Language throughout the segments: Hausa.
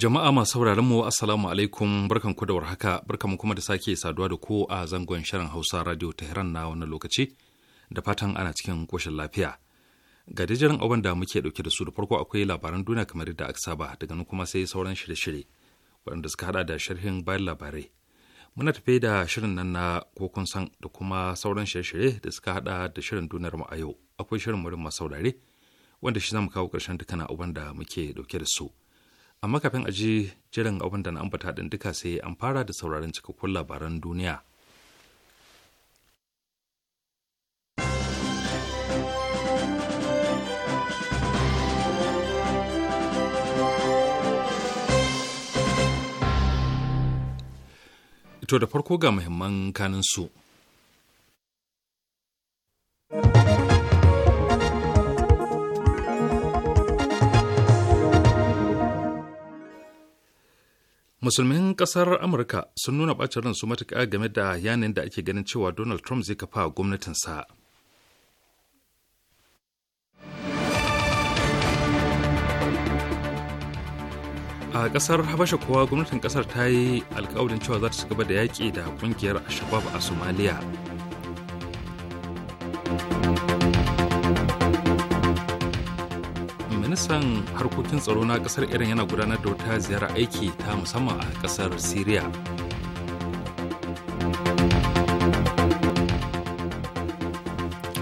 Jama'a masu sauraron mu Assalamu alaikum barkan ku da warhaka barkan mu kuma da sake saduwa da ku a zangon shirin Hausa Radio Tehran na wannan lokaci da fatan ana cikin koshin lafiya. Ga dijirin abin da muke dauke da su da farko akwai labaran duniya kamar yadda aka saba daga nan kuma sai sauran shirye-shirye waɗanda suka hada da sharhin bayan labarai. Muna tafe da shirin nan na kokon san da kuma sauran shirye-shirye da suka hada da shirin duniyar mu a yau. Akwai shirin murin masu saurare wanda shi zamu kawo ƙarshen dukkan abin da muke dauke da su. amma kafin a ji jiran abin da na ambata ɗin duka sai an fara da sauraron cikakkun labaran duniya To da farko ga muhimman kanin su. musulmin kasar amurka sun nuna ɓacin ransu matuƙa game da yanayin da ake ganin cewa donald trump zai kafa gwamnatinsa a kasar habasha kuwa gwamnatin ƙasar ta yi alkawarin cewa za ta ci gaba da yaƙi da ƙungiyar shabab a somaliya ministan harkokin tsaro na kasar iran yana gudanar da wata ziyara aiki ta musamman a kasar syria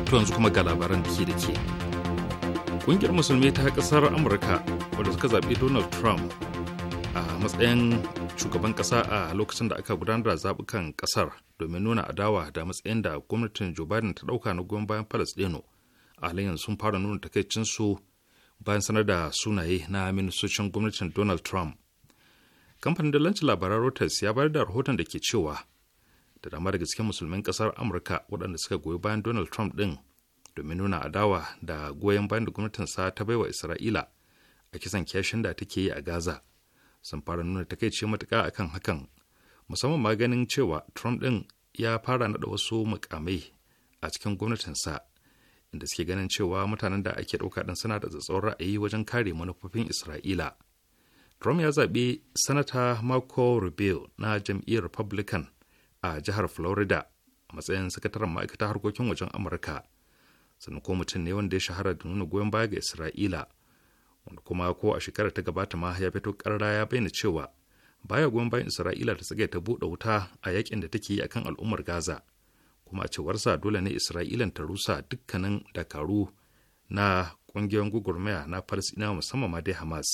to yanzu kuma ga labaran da ke da ke kungiyar musulmi ta kasar amurka wadda suka zaɓi donald trump a matsayin shugaban ƙasa a lokacin da aka gudanar da zaɓukan ƙasar domin nuna adawa da matsayin da gwamnatin joe biden ta ɗauka na goyon bayan palestino a halayen sun fara nuna takaicinsu bayan sanar da sunaye na ministocin gwamnatin donald trump kamfanin dalancin labaran reuters ya bayar da rahoton da ke cewa da dama daga cikin musulmin kasar amurka waɗanda suka goyi bayan donald trump ɗin domin nuna adawa da goyon bayan da gwamnatinsa ta baiwa isra'ila a kisan kyashin da take yi a gaza sun fara nuna takaici matuka kan hakan musamman ma ganin cewa trump ɗin ya fara naɗa wasu mukamai a cikin gwamnatinsa da suke ganin cewa mutanen da ake ɗauka ɗin suna da tsatsauran ra'ayi wajen kare manufofin Isra'ila. Trump ya zaɓi Sanata Marco Rubio na jam'iyyar Republican a jihar Florida a matsayin sakataren ma'aikatar harkokin wajen Amurka. Sannan ko mutum ne wanda ya shahara da nuna goyon baya ga Isra'ila, wanda kuma ko a shekarar ta gabata ma ya fito ƙarara ya bayyana cewa baya goyon bayan Isra'ila ta tsagaita buɗe wuta a yaƙin da take yi akan al'ummar Gaza. kuma a cewarsa dole ne isra'ilan ta rusa dukkanin dakaru na kungiyar gugurmaya na falasina musamman ma dai hamas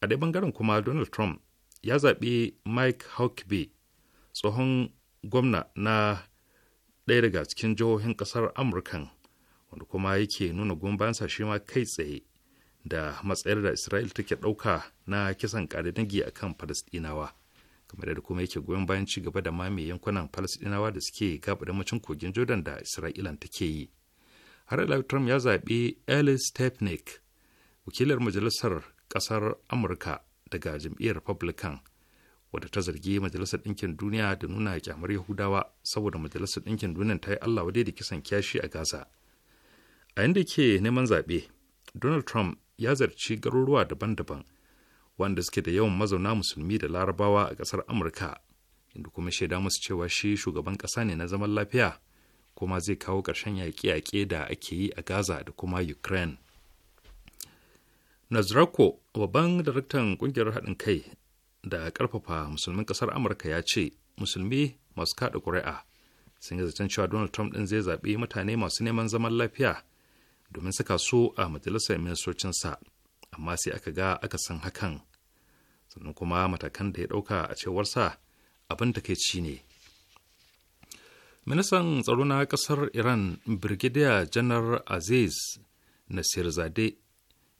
a dai bangaren kuma donald trump ya zaɓi mike huckabee tsohon gwamna na ɗaya daga cikin jihohin ƙasar amurkan wanda kuma yake nuna gumbansa shi ma kai tsaye da matsayar da isra'il take ɗauka na kisan ƙadadagi a kan falasɗinawa kamar yadda kuma yake goyon bayan ci gaba da mame yankunan falasɗinawa da suke gaba da macin kogin jordan da isra'ilan take yi har ila trump ya zaɓi ellis stepnik wakilar majalisar ƙasar amurka daga jam'iyyar republican wadda ta zargi majalisar ɗinkin duniya da nuna kyamar yahudawa saboda majalisar ɗinkin duniya ta yi allah wadai da kisan kyashi a gaza a yadda ke neman zaɓe donald trump ya zarci garuruwa daban-daban wanda suke da yawan mazauna musulmi da larabawa a ƙasar amurka inda kuma shaida musu cewa shi shugaban ƙasa ne na zaman lafiya kuma zai kawo ƙarshen yaƙe-yaƙe da ake yi a gaza da kuma ukraine nazrako babban daraktan ƙungiyar haɗin kai da ƙarfafa musulmin ƙasar amurka ya ce musulmi masu kaɗa ƙuri'a sun yi zaton cewa donald trump ɗin zai zaɓi mutane masu neman zaman lafiya domin saka so a majalisar ministocinsa amma sai aka ga aka san hakan sannan kuma matakan da ya ɗauka a cewarsa abin da kai ci ne ministan tsaro na ƙasar iran brigadier janar aziz nasir zade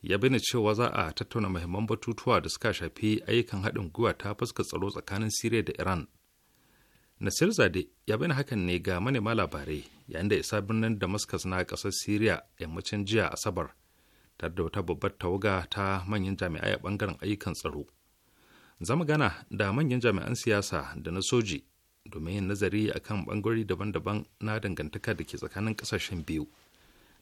ya bayyana cewa za a tattauna mahimman batutuwa da suka shafi ayyukan haɗin gwiwa ta fuska tsaro tsakanin siriya da iran nasir zade ya bayyana hakan ne ga manema labarai yayin da isa birnin damascus na ƙasar siriya yammacin jiya asabar tare da wata babbar tawaga ta manyan jami'ai a bangaren ayyukan tsaro za mu gana da manyan jami'an siyasa da na soji domin yin nazari a kan bangarori daban-daban na dangantaka da ke tsakanin kasashen biyu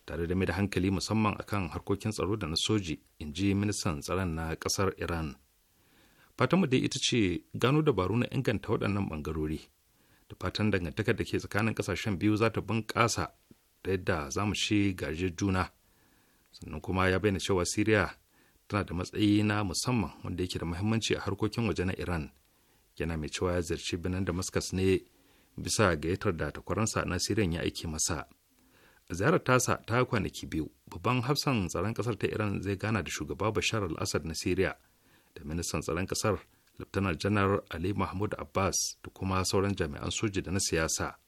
tare da mai da hankali musamman a kan harkokin tsaro da na soji in ji ministan tsaron na kasar iran fatanmu dai ita ce gano dabaru na inganta waɗannan bangarori da fatan dangantaka da ke tsakanin kasashen biyu za ta bunƙasa da yadda za mu shi gajiyar juna sannan kuma ya bayyana cewa siriya tana da matsayi na musamman wanda yake da muhimmanci a harkokin waje na iran yana mai cewa ya ziyarci birnin damascus ne bisa gayyatar da takwaransa na Siriya ya aiki masa a ziyarar tasa ta kwanaki biyu babban hafsan tsaron kasar ta iran zai gana da shugaba bashar al-assad na siriya da ministan tsaron kasar laftanar janar ali mahmud abbas da kuma sauran jami'an soji da na siyasa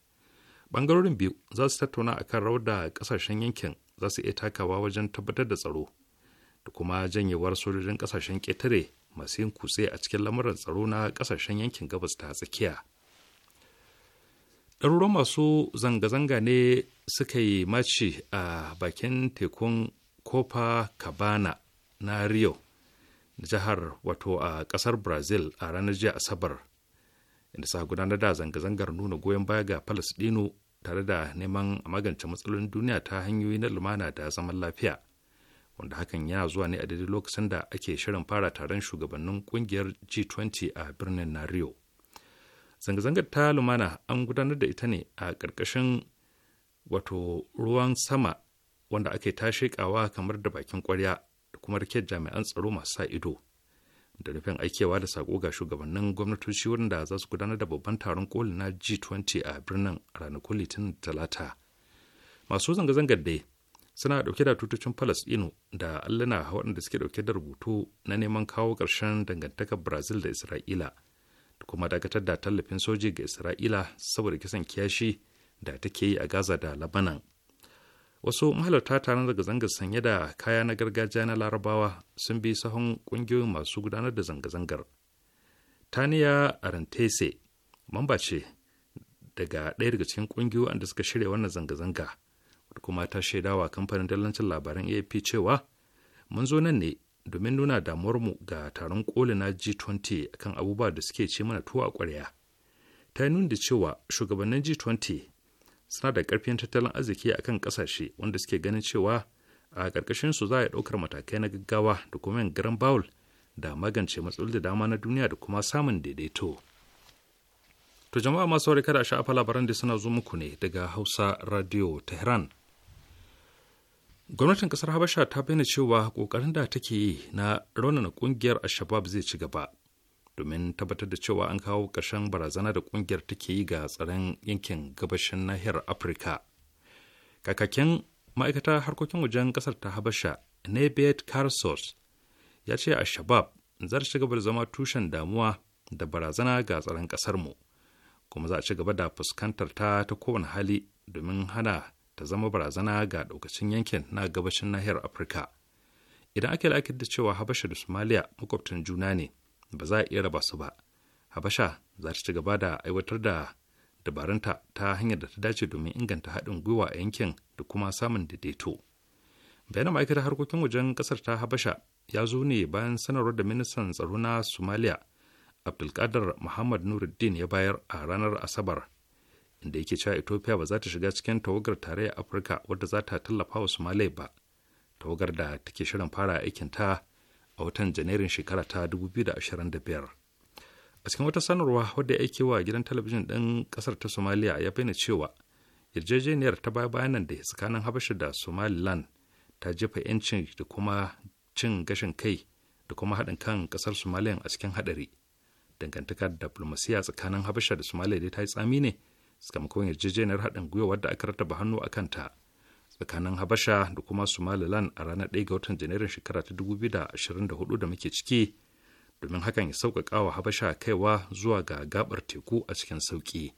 bangarorin biyu za su tattauna a kan rawar da kasashen yankin za su iya takawa wajen tabbatar da tsaro da kuma janyewar sojojin kasashen ƙetare masu yin kutse a cikin lamuran tsaro na kasashen yankin gabas ta tsakiya ɗaruruwan masu zanga-zanga ne suka yi maci a bakin tekun kofa cabana na rio jihar wato a ƙasar brazil a ranar jiya asabar inda sa gudanar da zanga-zangar nuna goyon baya ga palestino tare da neman a magance matsalolin duniya ta hanyoyi na lumana da zaman lafiya wanda hakan ya zuwa ne a daidai lokacin da ake shirin fara taron shugabannin kungiyar G20 a birnin na Rio. Zanga-zangar ta lumana an gudanar da ita ne a ƙarƙashin wato ruwan sama wanda ake ta shekawa kamar da bakin kwarya da kuma rike jami'an tsaro masu sa ido. da nufin aikewa da sako ga shugabannin gwamnatoci wanda za su gudanar da babban taron koli na G20 a birnin ranakun Litinin Talata. Masu zanga-zangar dai suna dauke da tutocin Falasɗinu da alluna waɗanda suke dauke da rubutu na neman kawo ƙarshen dangantakar Brazil da Isra'ila da kuma dakatar da tallafin soji ga Isra'ila saboda kisan kiyashi da take yi a Gaza da Labanan. wasu mahalarta taron zanga-zangar sanye da kaya na gargajiya na larabawa sun bi sahun ƙungiyoyin masu gudanar da zanga-zangar taniya arantese mamba ce daga ɗaya daga cikin ƙungiyoyin da suka shirya wannan zanga-zanga kuma ta shaidawa kamfanin dallancin labaran aap cewa mun zo nan ne domin nuna damuwar mu ga taron koli na G20 akan abubuwa da suke ci mana tuwa ƙwarya. Ta nuna da cewa shugabannin G20 suna da ƙarfin tattalin arziki a kan ƙasashe wanda suke ganin cewa a ƙarƙashin su za a ɗaukar matakai na gaggawa da kuma yin garan bawul da magance matsaloli da dama na duniya da kuma samun daidaito. To jama'a masu kada kada sha'afa labaran da suna zo muku ne daga Hausa Radio Tehran. Gwamnatin kasar Habasha ta bayyana cewa ƙoƙarin da take yi na raunana ƙungiyar Ashabab zai ci gaba domin tabbatar da cewa an kawo ƙarshen barazana da ƙungiyar take yi ga tsaron yankin gabashin nahiyar afirka kakakin ma'aikata harkokin wajen ƙasar ta habasha nebet karsos ya ce a shabab za ta ci gaba da zama tushen damuwa da barazana ga tsaron ƙasarmu kuma za a ci gaba da fuskantar ta ta kowane hali domin hana ta zama barazana ga ɗaukacin yankin na gabashin nahiyar afirka idan aka la'akari da cewa habasha da somaliya makwabtan juna ne ba za a iya raba su ba habasha za ta ci gaba da aiwatar da dabarunta ta hanyar da ta dace domin inganta haɗin gwiwa a yankin da kuma samun daidaito bayanin ma'aikatar harkokin wajen ƙasar ta habasha ya zo ne bayan sanarwar da ministan tsaro na somalia abdulkadir muhammad nuruddin ya bayar a ranar asabar inda yake cewa ethiopia ba za ta shiga cikin tawagar tarayyar afirka wadda za ta tallafa wa somalia ba tawagar da take shirin fara aikin ta a watan janairun shekara ta 2025 a cikin wata sanarwa wadda ya aike wa gidan talabijin ɗin ƙasar ta somaliya ya bayyana cewa yarjejeniyar ta baya bayanan da tsakanin habasha da somaliland ta jefa 'yancin da kuma cin gashin kai da kuma haɗin kan ƙasar somaliya a cikin haɗari dangantakar diplomasiya tsakanin habasha da somaliya dai ta yi tsami ne sakamakon yarjejeniyar haɗin gwiwa wadda aka rattaba hannu a kanta tsakanin habasha da kuma somaliland a ranar 1 ga watan janairun shekara ta 2024 da muke ciki domin hakan ya sauƙaƙa wa habasha kaiwa zuwa ga gabar teku a cikin sauƙi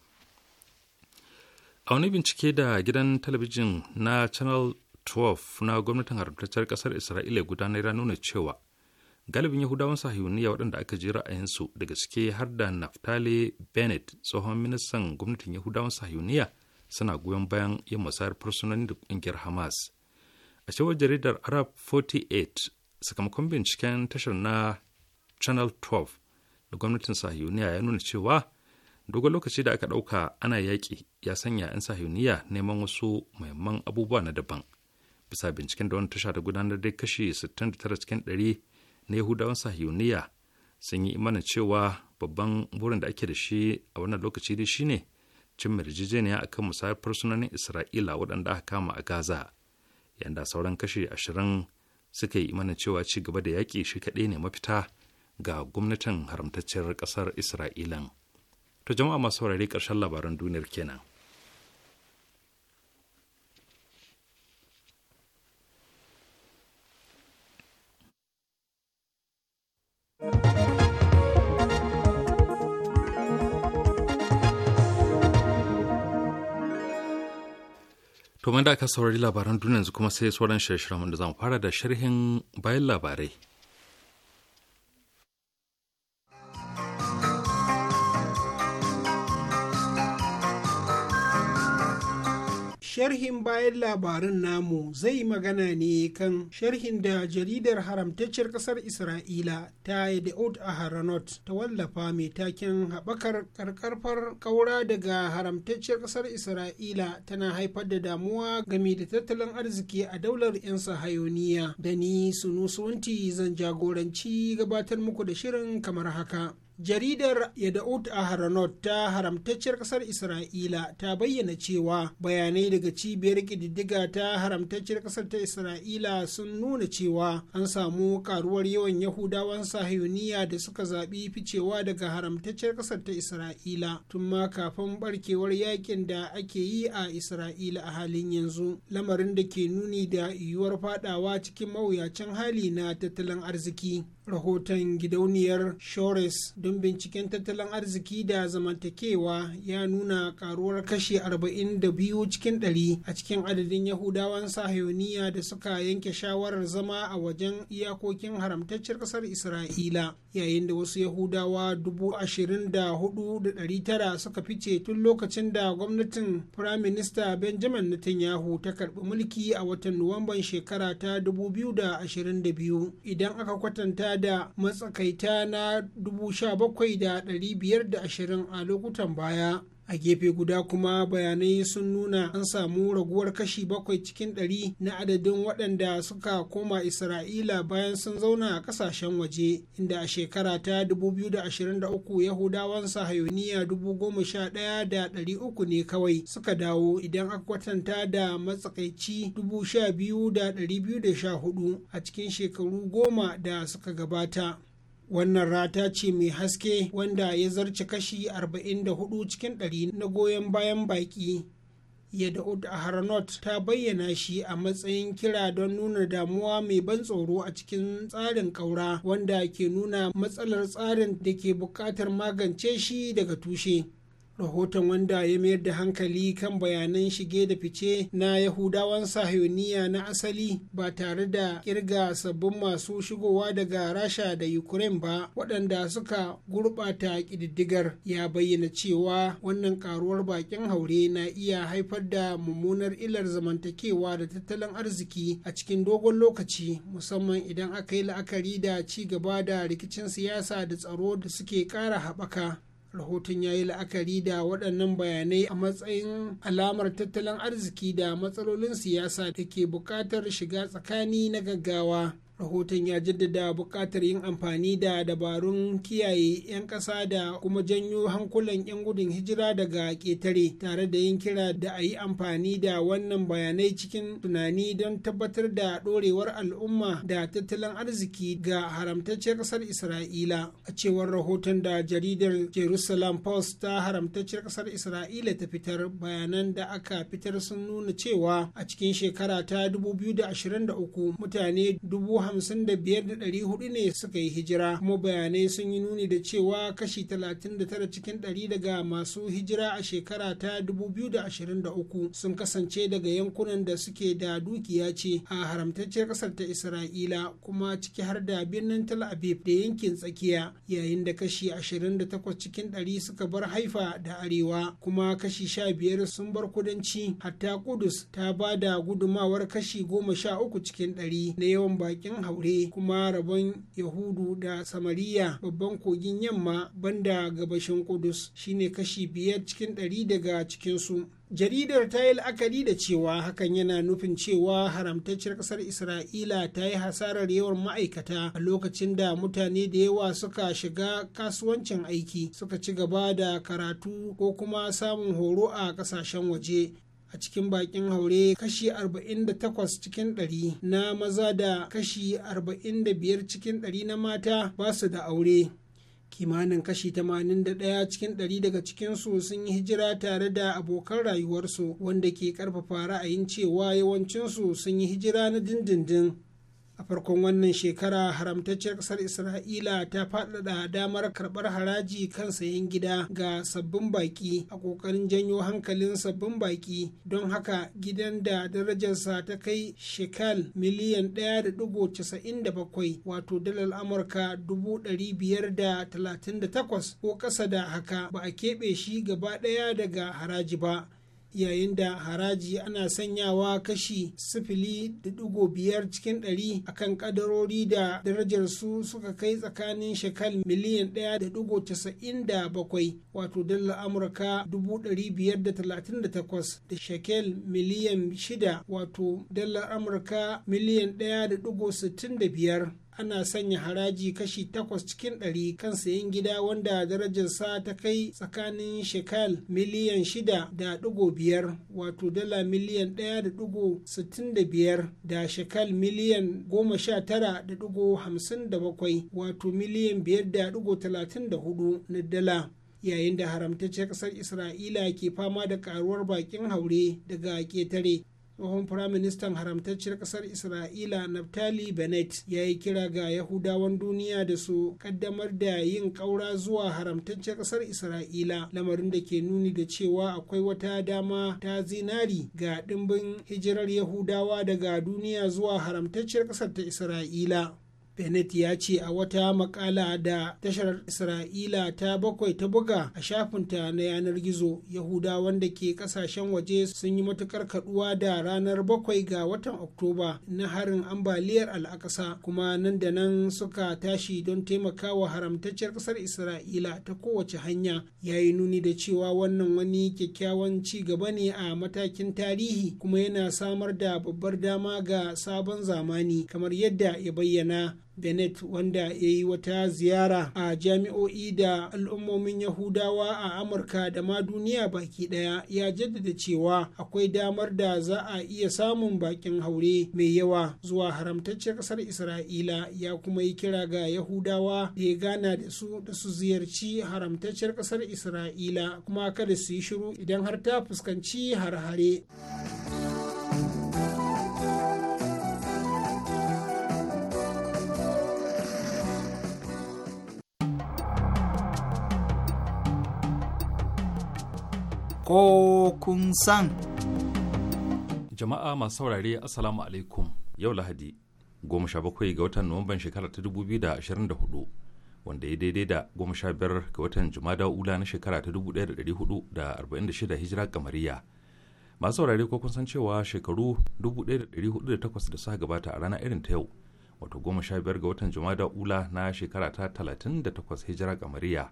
a wani bincike da gidan talabijin na channel 12 na gwamnatin haramtaccen kasar isra'ila gudanar ya nuna cewa galibin yahudawan sahiyuniya waɗanda aka ji ra'ayinsu daga cike har da naftali bennett tsohon ministan gwamnatin yahudawan sahiyuniya suna goyon bayan yin musayar fursunoni da kungiyar hamas a cewar jaridar arab 48 sakamakon binciken tashar na channel 12 da gwamnatin sahiyuniya ya nuna cewa dogon lokaci da aka ɗauka ana yaƙi ya sanya 'yan sahiyuniya neman wasu muhimman abubuwa na daban bisa binciken da wani tasha ta gudanar da kashi 69 cikin 100 na yahudawan sahiyuniya sun yi imanin cewa babban burin da ake da shi a wannan lokaci shi ne. cin yarjejeniya akan musayar fursunonin isra'ila waɗanda aka kama a gaza yanda sauran kashe ashirin suka yi imanin cewa ci gaba da yaƙi shi kaɗai ne mafita ga gwamnatin haramtacciyar ƙasar isra'ilan to jama'a masu saurari ƙarshen labaran duniyar kenan To da aka saurari labaran duniya yanzu kuma sai sauran shirye-shiryen da zamu fara da sharhin bayan labarai. sharhin bayan labarin namu zai magana ne kan sharhin da jaridar haramtacciyar kasar isra'ila ta yadda'ud a haranot ta wallafa mai taken haɓakar ƙarƙarfar ƙaura daga haramtacciyar kasar isra'ila tana haifar da damuwa game da tattalin arziki a daular 'yan sahayoniya da ni sunusunti zan jagoranci gabatar muku da shirin kamar haka jaridar yada'ut a haranot ta haramtacciyar kasar isra'ila ta bayyana cewa bayanai daga cibiyar ƙididdiga ta haramtacciyar kasar ta isra'ila sun nuna cewa an samu karuwar yawan yahudawan sahiyoniya da suka zaɓi ficewa daga haramtacciyar kasar ta isra'ila tun ma kafin barkewar yakin da ake yi a isra'ila a halin yanzu lamarin da ke nuni da yiwuwar fadawa cikin mawuyacin hali na tattalin arziki rahoton gidauniyar shores don binciken tattalin arziki da zamantakewa ya nuna karuwar kashi 42 cikin 100 a cikin adadin yahudawan sahayoniya da suka yanke shawarar zama a wajen iyakokin haramtaccen kasar isra'ila yayin da wasu yahudawa 24,900 suka fice tun lokacin da gwamnatin firaminista benjamin netanyahu ta karbi mulki a watan nuwamban shekara ta 2022 idan aka kwatanta da matsakaita na 17,520 a lokutan baya. a gefe guda kuma bayanai sun nuna an samu raguwar kashi bakwai cikin ɗari na adadin waɗanda suka koma isra'ila bayan sun zauna a ƙasashen waje inda a shekara ta 2023 yahudawan sahayoniya 11,300 ne kawai suka dawo idan aka kwatanta da matsakaici 12,214 a cikin shekaru goma da suka gabata wannan rata ce mai haske wanda ya zarce kashi 44 cikin 100 na goyon bayan baki Yada'ud Aharonot ta bayyana shi a matsayin kira don nuna damuwa mai ban tsoro a cikin tsarin ƙaura wanda ke nuna matsalar tsarin da ke buƙatar magance shi daga tushe. rahoton wanda ya mayar da hankali kan bayanan shige da fice na yahudawan sahiyoniya na asali ba tare da kirga sabbin masu shigowa daga rasha da ukraine ba waɗanda suka gurɓata ƙididdigar ya bayyana cewa wannan ƙaruwar bakin haure na iya haifar da mummunar ilar zamantakewa da tattalin arziki a cikin dogon lokaci musamman idan aka yi la'akari da ci gaba da rikicin siyasa da tsaro da suke ƙara haɓaka rahoton ya yi la'akari da waɗannan bayanai a matsayin alamar tattalin arziki da matsalolin siyasa da ke buƙatar shiga tsakani na gaggawa rahoton ya jaddada buƙatar yin amfani da dabarun kiyaye 'yan ƙasa da kuma janyo hankulan 'yan gudun hijira daga ƙetare tare da yin kira da a yi amfani da wannan bayanai cikin tunani don tabbatar da ɗorewar al'umma da tattalin arziki ga haramtacciyar ƙasar isra'ila a cewar rahoton da jaridar jerusalem post ta haramtacciyar ƙasar isra'ila ta fitar bayanan da aka fitar sun nuna cewa a cikin shekara ta 2023 mutane dubu hudu ne suka yi hijira kuma bayanai sun yi nuni da cewa kashi talatin da tara cikin ɗari daga masu hijira a shekara ta dubu biyu da da ashirin uku sun kasance daga yankunan da suke da dukiya ce a haramtacciyar ƙasar ta isra'ila kuma ciki har da birnin tel aviv da yankin tsakiya yayin da kashi ashirin da takwas cikin ɗari suka bar haifa da arewa kuma kashi sha biyar sun bar kudanci hatta kudus ta ba da gudumawar kashi goma sha uku cikin ɗari na yawan bakin baƙin haure kuma rabon yahudu da samariya babban kogin yamma banda gabashin kudus shine kashi biyar cikin ɗari daga cikinsu jaridar ta yi la'akari da cewa hakan yana nufin cewa haramtacciyar ƙasar isra'ila ta yi hasarar yawan ma'aikata a lokacin da mutane da yawa suka shiga kasuwancin aiki suka ci gaba da karatu ko kuma samun horo a ƙasashen waje a cikin bakin haure kashi 48 cikin 100 na maza da kashi 45 cikin 100 na mata ba su da aure kimanin kashi 81 cikin 100 daga cikinsu sun yi hijira tare da abokan rayuwarsu wanda ke karfafa ra'ayin cewa yawancinsu sun yi hijira na dindindin a farkon wannan shekara haramtacciyar ƙasar isra'ila ta faɗaɗa damar karɓar haraji kan sayen gida ga sabbin baƙi a ƙoƙarin janyo hankalin sabbin baƙi don haka gidan da darajarsa ta kai shekal miliyan 1.97 wato dalar amurka 538 ko ƙasa da haka ba a keɓe shi gaba ɗaya daga haraji ba yayin da haraji ana sanyawa kashi sifili da digo biyar cikin ɗari akan kadarori da darajar su suka kai tsakanin shekal miliyan ɗaya da digo casa'in da bakwai wato dala amurka dubu ɗari biyar da talatin da takwas da shekel miliyan shida wato dala amurka miliyan ɗaya da digo sittin da biyar ana sanya haraji kashi takwas cikin ɗari kan sayan gida wanda darajarsa ta kai tsakanin shekal miliyan shida da ɗigo biyar wato dala miliyan ɗaya da ɗigo sittin da biyar da shekal miliyan goma sha tara da ɗigo hamsin da bakwai wato miliyan biyar da ɗigo talatin da hudu na dala yayin da haramtaccen ƙasar isra'ila ke fama da ƙaruwar baƙin haure daga ƙetare tsohon firaministan haramtacciyar kasar isra'ila naftali bennett ya yi kira ga yahudawan duniya da su ƙaddamar da yin ƙaura zuwa haramtacciyar kasar isra'ila lamarin da ke nuni da cewa akwai wata dama ta zinari ga ɗimbin hijirar yahudawa daga duniya zuwa haramtacciyar kasar ta isra'ila bennett ya ce a wata makala da tashar isra'ila ta bakwai ta buga a shafinta na yanar gizo Yahuda wanda ke kasashen waje sun yi matukar kaduwa da ranar bakwai ga watan oktoba na harin ambaliyar al'akasa kuma nan da nan suka tashi don taimakawa haramtacciyar kasar isra'ila ta kowace hanya ya yi nuni da cewa wannan wani kyakkyawan ci gaba ne a matakin tarihi kuma yana samar da babbar dama ga sabon zamani kamar yadda ya bayyana bennett wanda ya yi wata ziyara a jami'o'i da al'ummomin yahudawa a amurka da ma duniya baki daya ya jaddada cewa akwai damar da za a iya samun bakin haure mai yawa zuwa haramtacciyar kasar isra'ila ya kuma yi kira ga yahudawa da ya gana da su da su ziyarci haramtacciyar kasar isra'ila kuma kada su yi shiru idan har ta fuskanci har-hare. ko kun san. Jama'a masu saurare Assalamu alaikum yau Lahadi goma sha bakwai ga watan Nuwamban shekara ta dubu biyu da ashirin da hudu wanda ya daidai da goma sha biyar ga watan Jumada Ula na shekara ta dubu ɗaya da ɗari hudu da arba'in da shida hijira kamariya. Masu saurare ko kun san cewa shekaru dubu ɗaya da ɗari hudu da takwas da suka gabata a rana irin ta yau wato goma sha biyar ga watan Jumada Ula na shekara ta talatin da takwas hijira kamariya.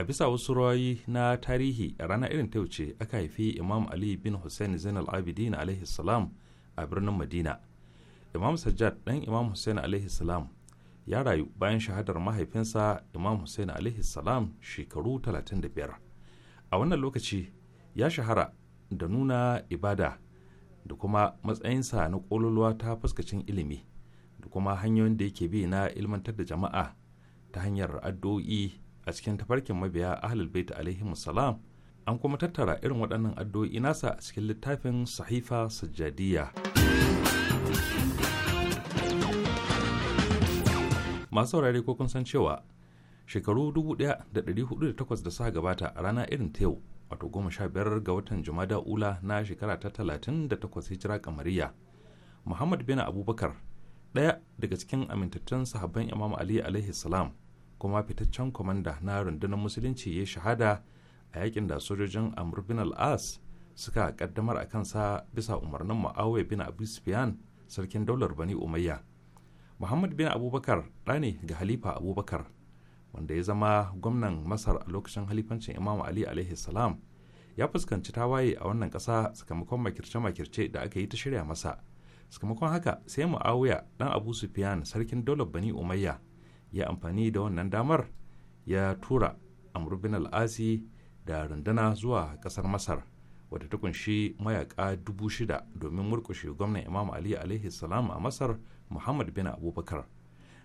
a bisa wasu rawayi na tarihi a rana irin ta wuce aka haifi imam ali bin hussein zainal abidin alaihi salam a birnin madina imam sajjad dan imam hussein alaihi salam ya rayu bayan shahadar mahaifinsa imam hussein alaihi salam shekaru 35 a wannan lokaci ya shahara da nuna ibada da kuma matsayinsa na ƙololuwa ta fuskacin ilimi da kuma hanyoyin da yake bi na ilmantar da jama'a ta hanyar addu'o'i a cikin tafarkin mabiya ahlul bait alaihi salam an kuma tattara irin waɗannan addu'o'i nasa a cikin littafin sahifa sajjadiyya masu saurare ko kun san cewa shekaru 1408 da suka gabata a rana irin ta yau wato 15 ga watan jumada ula na shekara ta 38 hijira kamariya muhammad bin abubakar ɗaya daga cikin amintattun sahabban imam ali alaihi salam kuma fitaccen kwamanda na rundunar musulunci ya shahada a yakin da sojojin amur bin al'as suka kaddamar a kansa bisa umarnin ma'awai bin abu sufiyan sarkin daular bani umayya muhammad bin abubakar ɗani ga halifa abubakar wanda ya zama gwamnan masar a lokacin halifancin imam ali alaihi salam ya fuskanci tawaye a wannan ƙasa sakamakon makirce-makirce da aka yi ta shirya masa sakamakon haka sai muawiya ɗan abu sufiyan sarkin daular bani umayya ya amfani da wannan damar ya tura amurbin bin da runduna zuwa kasar masar wadda ta kunshi mayaka dubu shida domin murkushe gwamnan imam ali alaihi salam a masar muhammad bin abubakar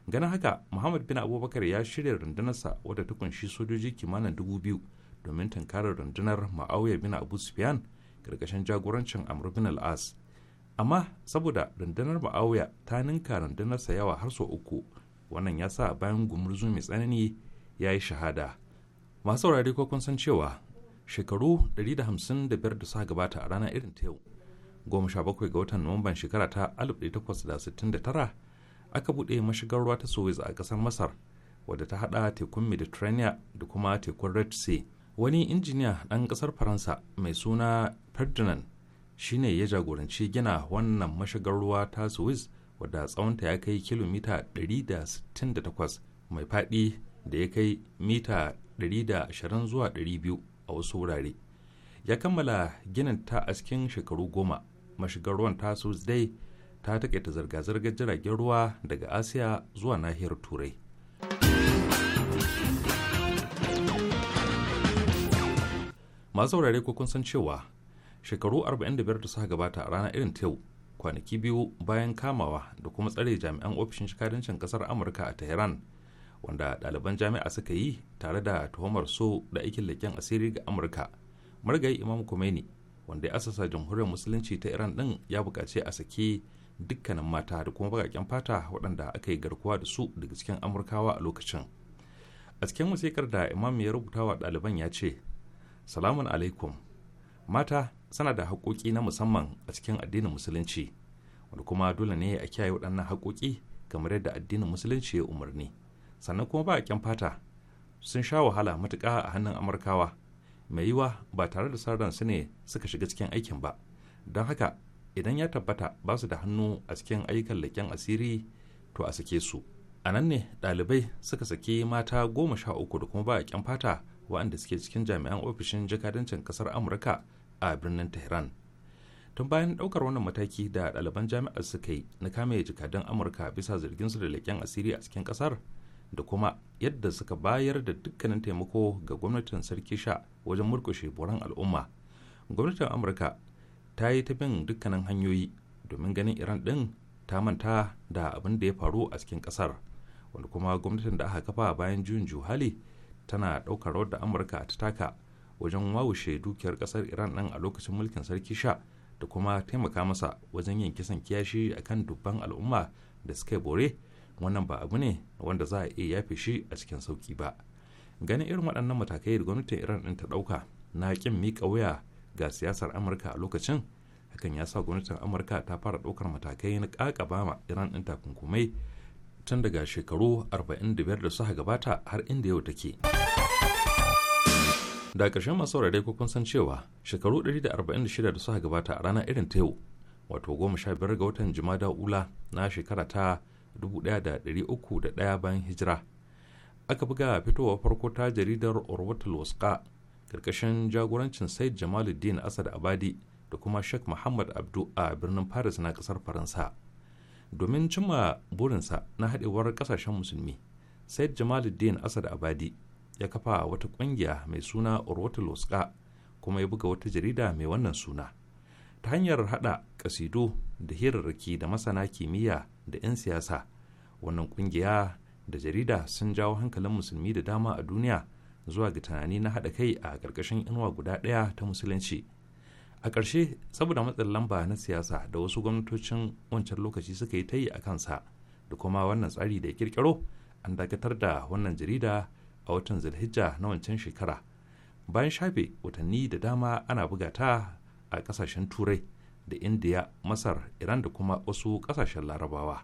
ganin haka muhammad bin abubakar ya shirya rundunarsa wadda ta kunshi sojoji kimanin dubu biyu domin tankarar rundunar ma'auya bin abu sufyan karkashin jagorancin amurbin bin amma saboda rundunar ma'auya ta ninka rundunarsa yawa har sau uku wannan ya sa bayan gumurzu mai tsanani ya yi shahada masu saurare ko kun san cewa shekaru 155 da suka gabata a ranar irin ta yau goma sha bakwai ga watan nuwamban shekara ta 1869 aka buɗe mashigar ruwa ta suez a ƙasar masar wadda ta haɗa tekun mediterranean da kuma tekun red sea wani injiniya ɗan ƙasar faransa mai suna ferdinand shine ya jagoranci gina wannan mashigar ruwa ta suez wadda tsawonta ya kai kilomita 168 mai faɗi da ya kai mita 120 zuwa 200 a wasu wurare ya kammala ginin ta a cikin shekaru goma mashigar ruwan ta dai ta taƙaita zirga-zirgar jiragen ruwa daga asiya zuwa nahiyar turai masu wurare ko kun san cewa shekaru 45 da suka gabata a ranar irin ta yau kwanaki biyu bayan kamawa da kuma tsare jami'an ofishin shikarancin kasar amurka a tehran wanda ɗaliban jami'a suka yi tare da tuhumar so da aikin leƙen asiri ga amurka marigayi imam khomeini wanda ya asasa jamhuriyar musulunci ta iran ɗin ya buƙaci a sake dukkanin mata da kuma baƙaƙen fata waɗanda aka yi garkuwa da su daga cikin amurkawa a lokacin a cikin wasikar da imam ya rubuta wa ɗaliban ya ce salamun alaikum mata suna da haƙoƙi na musamman a cikin addinin musulunci wanda kuma dole ne a kiyaye waɗannan haƙoƙi kamar yadda addinin musulunci ya umarni sannan kuma ba a fata sun sha wahala matuƙa a hannun amurkawa mai yiwa ba tare da sauran su ne suka shiga cikin aikin ba don haka idan ya tabbata ba su da hannu a cikin ayyukan leƙen asiri to a sake su a nan ne ɗalibai suka saki mata goma sha uku da kuma ba a fata waɗanda suke cikin jami'an ofishin jakadancin ƙasar amurka a birnin tehran tun bayan daukar wannan mataki da ɗaliban jami'ar suka yi na kame jikadun amurka bisa zargin su da leƙen asiri a cikin ƙasar da kuma yadda suka bayar da dukkanin taimako ga gwamnatin sarki sha wajen murkushe boran al'umma gwamnatin amurka ta yi ta bin dukkanin hanyoyi domin ganin iran ɗin ta manta da abin da ya faru a cikin ƙasar wanda kuma gwamnatin da aka kafa bayan juyin juhali tana ɗaukarwar da amurka ta taka wajen wawushe dukiyar kasar iran ɗin a lokacin mulkin sarki sha da kuma taimaka masa wajen yin kisan kiyashi a kan dubban al'umma da suka bore wannan ba abu ne wanda za a iya yafe shi a cikin sauki ba ganin irin waɗannan matakai da gwamnatin iran ɗin ta ɗauka na ƙin miƙa wuya ga siyasar amurka a lokacin hakan ya sa gwamnatin amurka ta fara ɗaukar matakai na ƙaƙaba ma iran ɗin takunkumai tun daga shekaru 45 da suka gabata har inda yau take. da ƙarshen masu saurare ko kun san cewa shekaru 146 da suka gabata a rana irin ta yau wato 15 ga watan jumada ula na shekara ta 1301 bayan hijira aka buga fitowa farko ta jaridar orwatul wasqa karkashin jagorancin said jamaluddin asad abadi da kuma sheikh muhammad abdu a birnin paris na kasar faransa domin cimma burinsa na haɗewar ƙasashen musulmi said jamaluddin asad abadi ya kafa wata kungiya mai suna Urwatul kuma ya buga wata jarida mai wannan suna. Ta hanyar hada ƙasidu da hirarraki da masana kimiyya da 'yan siyasa, wannan kungiya da jarida sun jawo hankalin musulmi da dama a duniya zuwa ga tunani na hada kai a ƙarƙashin inuwa guda ɗaya ta musulunci. A ƙarshe, saboda matsin lamba na siyasa da wasu gwamnatocin wancan lokaci suka yi ta yi a kansa da kuma wannan tsari da ya ƙirƙiro, an dakatar da wannan jarida a watan zilhijja na wancan shekara bayan shafe watanni da dama ana buga ta a kasashen turai da indiya masar iran da kuma wasu kasashen larabawa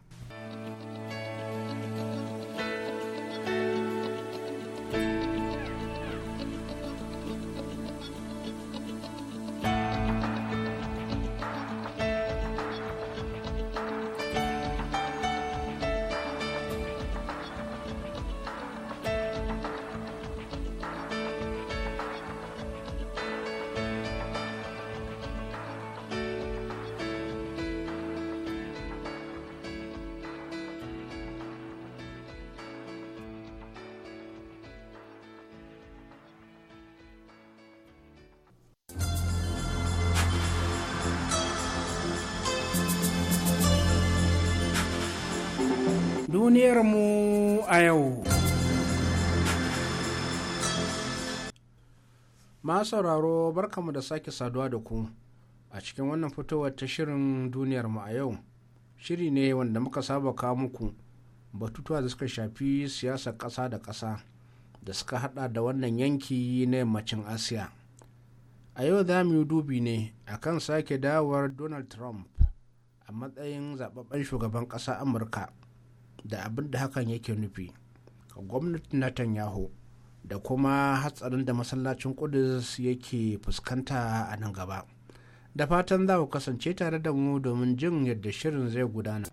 masu sauraro barkamu da sake saduwa da ku a cikin wannan fitowar ta shirin duniyar mu a yau shiri ne wanda muka saba kawo muku batutuwa da suka shafi siyasar ƙasa da ƙasa da suka hada da wannan yanki na yammacin asiya a yau za mu yi dubi ne akan sake dawowar donald trump a matsayin zababben shugaban ƙasa amurka da abin da hakan yake nufi ga gwamnatin netanyahu da kuma hatsarin da masallacin kudus yake fuskanta a nan gaba da fatan za ku kasance tare da mu domin jin yadda shirin zai gudana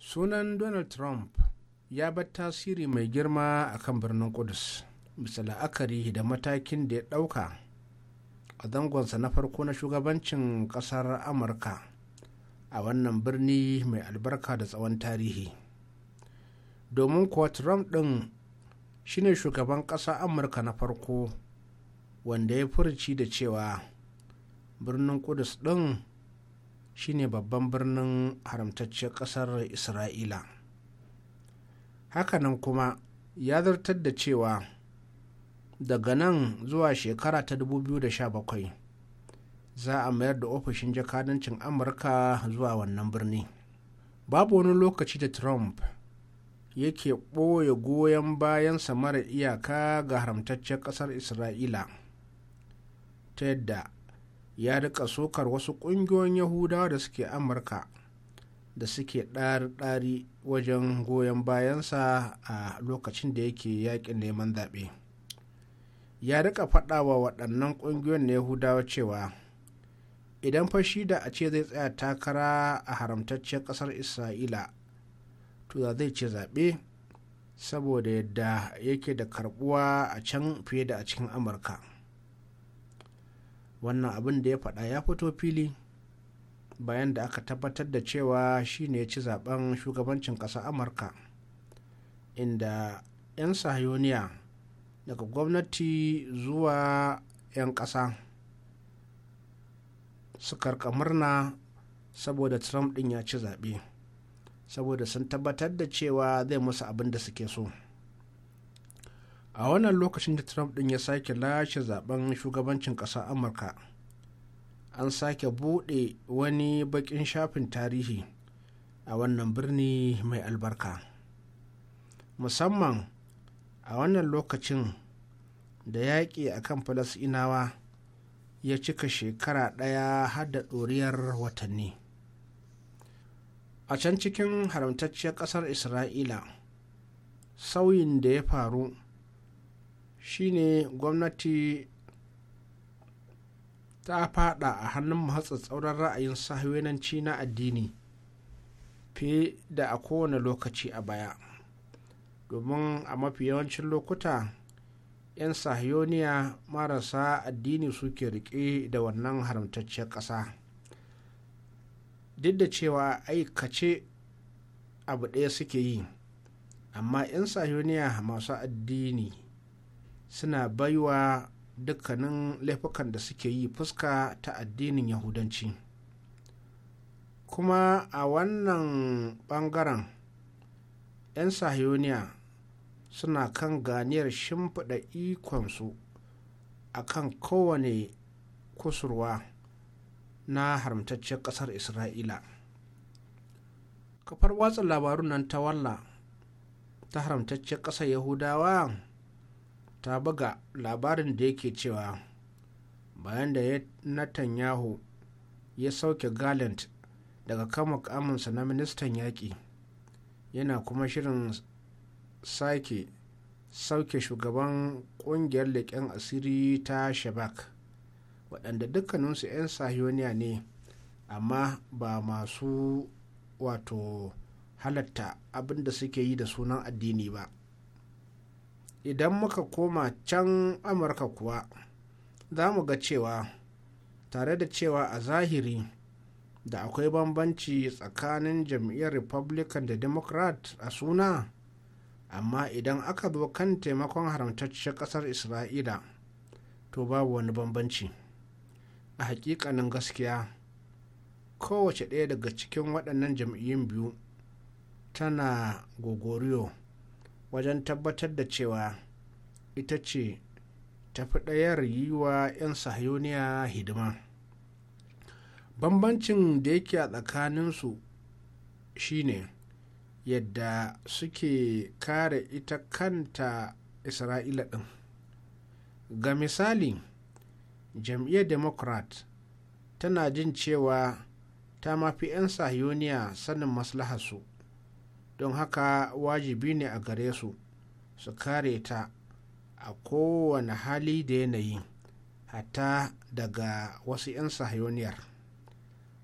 sunan donald trump ya bar tasiri mai girma a kan birnin kudus bisa la'akari da matakin da ya ɗauka a zangonsa na farko na shugabancin ƙasar amurka a wannan birni mai albarka da tsawon tarihi domin kuwa trump ɗin shine shugaban ƙasa amurka na farko wanda ya furci da cewa birnin kudus ɗin shine babban birnin haramtacciyar ƙasar isra'ila hakanan kuma ya zartar da cewa daga nan zuwa shekara ta 2017 za a mayar da ofishin jakadancin amurka zuwa wannan birni babu wani lokaci da trump yake ɓoye goyon bayansa mara iyaka ga haramtaccen ƙasar isra'ila ta yadda ya rika sokar wasu ƙungiyoyin yahudawa da suke amurka da suke ɗari-ɗari wajen goyon bayansa a lokacin da yake yaƙin neman zaɓe ya rika faɗawa waɗannan ƙungiyoyin na yahudawa cewa idan fashi da a ce zai tsaya takara a haramtacciyar ƙasar isra'ila to da zai ce zaɓe saboda yadda yake da karbuwa a can fiye da a cikin amurka wannan abin da ya faɗa ya fito fili bayan da aka tabbatar da cewa shi ne ya ci zaben shugabancin ƙasar amurka inda 'yan sahiyoniya daga gwamnati zuwa 'yan ƙasa su karka murna saboda trump ɗin ya ci zaɓe saboda sun tabbatar da cewa zai musu abin da suke so a wannan lokacin da trump ɗin ya sake lashe zaben shugabancin ƙasa amurka an sake buɗe wani baƙin shafin tarihi a wannan birni mai albarka musamman a wannan lokacin da yaƙi akan kan falasinawa ya cika shekara ɗaya hada ɗoriyar watanni a can cikin haramtacciyar ƙasar isra'ila sauyin da ya faru shine gwamnati ta fada a hannun tsauran ra'ayin sahiwenanci na addini fiye da a kowane lokaci a baya domin a mafi yawancin lokuta 'yan sahioniya marasa addini suke rike da wannan haramtacciyar ƙasa duk da cewa aikace abu ɗaya suke yi amma 'yan sahioniya masu addini suna baiwa dukkanin laifukan da suke yi fuska ta addinin yahudanci kuma a wannan ɓangaren 'yan sahioniya suna kan ganiyar shimfiɗa ikonsu a kan kowane kusurwa na haramtacciyar ƙasar isra'ila kafar watsa labarun nan ta walla ta haramtacciyar ƙasar yahudawa ta buga labarin da yake cewa bayan da netanyahu ya sauke gallant daga kama kamunsa na ministan yaƙi yana kuma shirin sake sauke shugaban kungiyar leƙen asiri ta shabak waɗanda dukkaninsu 'yan sahiyoniya ne amma ba masu wato halatta abinda suke yi da sunan addini ba idan muka koma can amurka kuwa za mu ga cewa tare da cewa a zahiri da akwai bambanci tsakanin jam'iyyar republican da democrat a suna amma idan aka zo kan taimakon haramtacciyar ƙasar isra'ila to babu wani bambanci a hakikanin gaskiya kowace ɗaya daga cikin waɗannan jam'iyyun biyu tana gogoriyo wajen tabbatar da cewa ita ce tafi ɗayar yi wa 'yan sahayoniya hidima bambancin da yake a tsakaninsu shine yadda suke kare ita kanta isra'ila ɗin ga misali jam'iyyar democrat tana jin cewa ta mafi 'yan sahiyoniya sanin maslaharsu don haka wajibi ne a gare su su kare ta a kowane hali da yanayi hatta daga wasu 'yan sahiyoniyar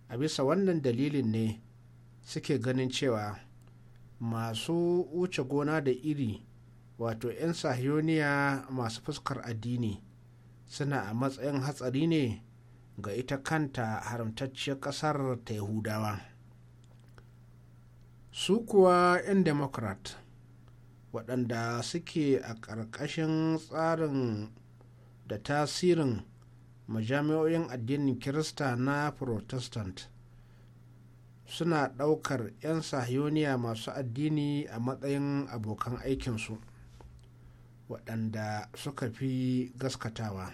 a bisa wannan dalilin ne suke ganin cewa masu wuce gona da iri wato 'yan sahiyoniya masu fuskar addini suna a matsayin hatsari ne ga ita kanta haramtacciyar ƙasar ta yahudawa su kuwa 'yan democrat waɗanda suke a ƙarƙashin tsarin da tasirin majami'o'in addinin kirista na protestant suna ɗaukar 'yan sahiyoniya masu addini a matsayin abokan aikinsu waɗanda suka fi gaskatawa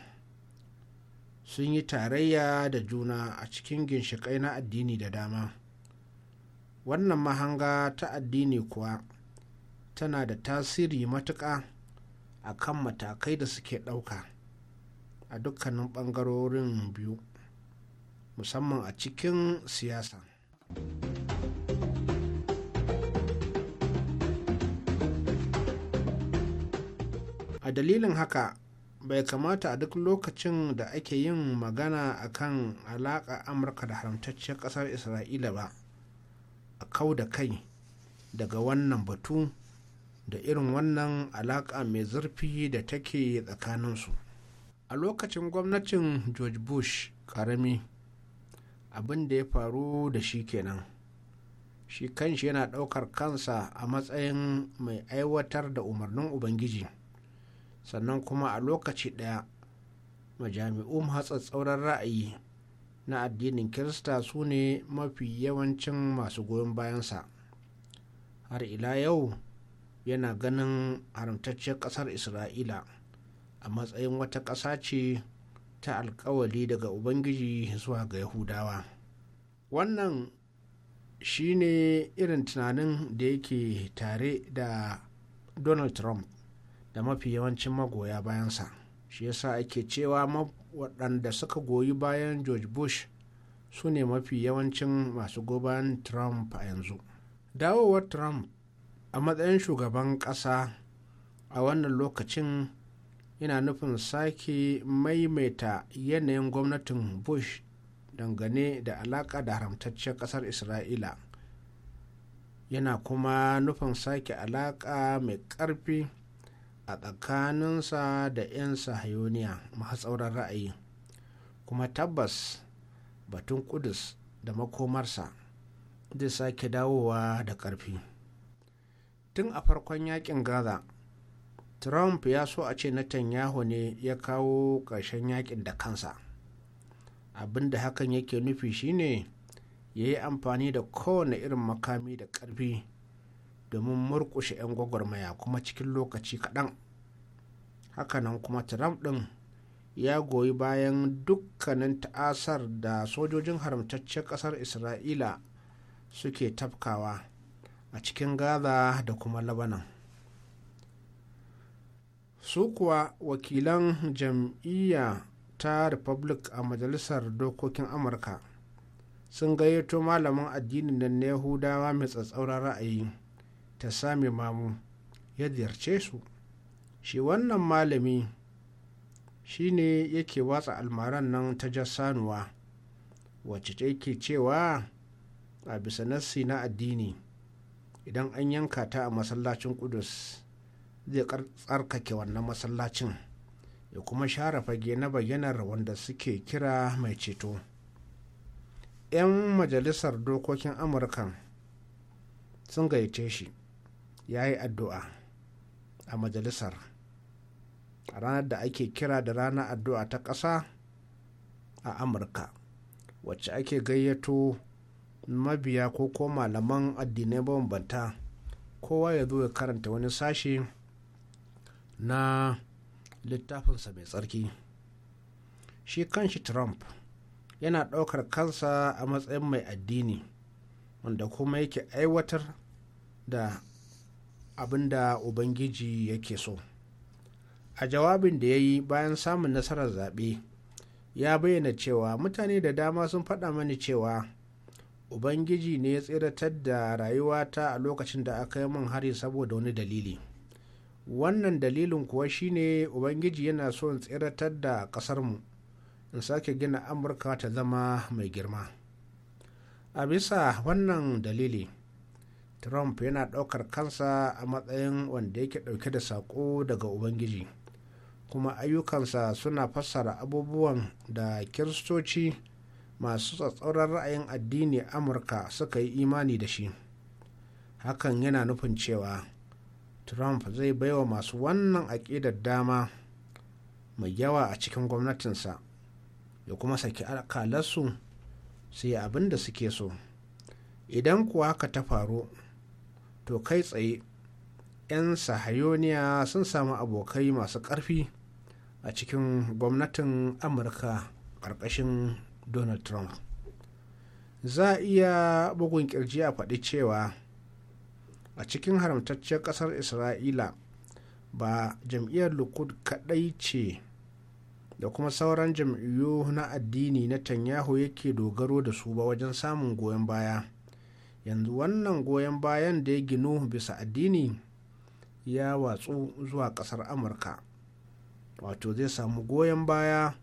sun yi tarayya da juna a cikin ginshiƙai na addini da dama wannan mahanga ta addini kuwa tana da tasiri matuƙa a kan matakai da suke ɗauka a dukkanin ɓangarorin biyu musamman a cikin siyasa a dalilin haka bai kamata a duk lokacin da ake yin magana a kan alaƙa amurka da haramtacciyar ƙasar isra'ila ba a kau da kai daga wannan batu da irin wannan alaƙa mai zurfi da take tsakaninsu a lokacin gwamnatin george bush ƙarami abin da ya faru da shi kenan shi kanshi yana ɗaukar kansa a matsayin mai aiwatar da umarnin ubangiji sannan kuma a lokaci ɗaya majami'un hatsatsauran ra'ayi na addinin kirista su ne mafi yawancin masu goyon bayansa har ila yau yana ganin haramtacciyar ƙasar isra'ila a matsayin wata ƙasa ce ta alkawali daga ubangiji zuwa ga yahudawa wannan shi ne irin tunanin da yake tare da donald trump da mafi yawancin magoya bayansa shi yasa ake cewa waɗanda suka goyi bayan george bush su ne mafi yawancin masu goban trump a yanzu dawowar trump a matsayin shugaban ƙasa a wannan lokacin yana nufin sake maimaita yanayin gwamnatin bush dangane da alaƙa da haramtaccen ƙasar isra'ila yana kuma nufin sake alaƙa mai ƙarfi a tsakaninsa da 'yan sahayoniya masu ra'ayi kuma tabbas batun kudus da makomarsa zai sake dawowa da ƙarfi tun a farkon yakin gaza trump ya so a ce netanyahu ne ya kawo ƙarshen yakin da kansa abinda hakan yake nufi shine ya yi amfani da kowane irin makami da ƙarfi domin murƙushe 'yan gwagwarmaya kuma cikin lokaci kaɗan hakanan kuma trump ɗin ya goyi bayan dukkanin ta'asar da sojojin haramtaccen ƙasar isra'ila suke tafkawa a cikin gaza da kuma labanan su kuwa wakilan jam'iyya ta republic a majalisar dokokin amurka sun gayyato malamin addinin nan na yahudawa mai tsatsauran ra'ayi ta sami mamu ya ziyarce su shi wannan malami ne yake watsa almaran nan ta jassanuwa wacce take cewa a bisa nassi na addini idan an yanka ta a masallacin kudus zai tsarkake wannan masallacin ya kuma share fage na bayyanar wanda suke kira mai ceto 'yan majalisar dokokin amurka sun gayyace shi ya yi addu'a a majalisar a ranar da ake kira da rana addu'a ta ƙasa a amurka wacce ake gayyato mabiya ko ko malaman addinai mabambanta kowa ya zo ya karanta wani sashe na littafinsa mai tsarki shi kanshi trump yana ɗaukar kansa a matsayin mai addini wanda kuma yake aiwatar da abin da ubangiji yake so a jawabin da ya yi bayan samun nasarar zaɓe ya bayyana cewa mutane da dama sun faɗa mani cewa ubangiji ne ya tseratar da rayuwata a lokacin da aka yi min hari saboda wani dalili wannan dalilin kuwa shine ubangiji yana so in tseratar da ƙasarmu in sake gina amurka ta zama mai girma a bisa wannan dalili trump yana ɗaukar kansa a matsayin wanda yake ɗauke da saƙo daga ubangiji kuma ayyukansa suna fassara abubuwan da kiristoci masu tsatsauran ra'ayin addini amurka suka yi imani da shi hakan yana nufin cewa trump zai baiwa masu wannan aƙidar dama mai yawa a cikin gwamnatinsa ya kuma saki alƙalarsu su yi abin da suke so idan kuwa haka ta faru to kai tsaye 'yan sahayoniya sun samu abokai masu ƙarfi a cikin gwamnatin amurka ƙarƙashin donald trump za a iya bugun ƙirji a faɗi cewa a cikin haramtacciyar ƙasar isra'ila ba jam'iyyar likud kaɗai ce da kuma sauran jam'iyyu na addini na tanyahu yake dogaro da su ba wajen samun goyon baya yanzu wannan goyon bayan da ya ginu bisa addini ya watsu zuwa ƙasar amurka wato zai samu goyon baya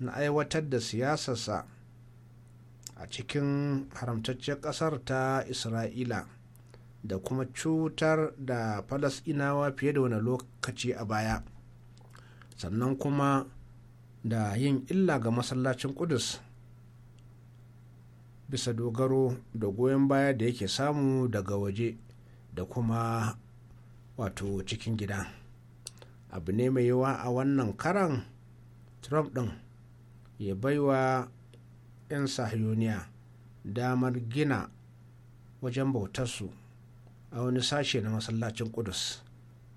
na aiwatar da siyasarsa a cikin haramtacciyar ƙasar ta isra'ila da kuma cutar da falasinawa fiye da wani lokaci a baya sannan kuma da yin illa ga masallacin kudus bisa dogaro da goyon baya da yake samu daga waje da kuma wato cikin gida abu ne mai yawa a wannan karan trump din ya baiwa 'yan sahiyoniya damar gina wajen bautarsu a wani sashe na masallacin kudus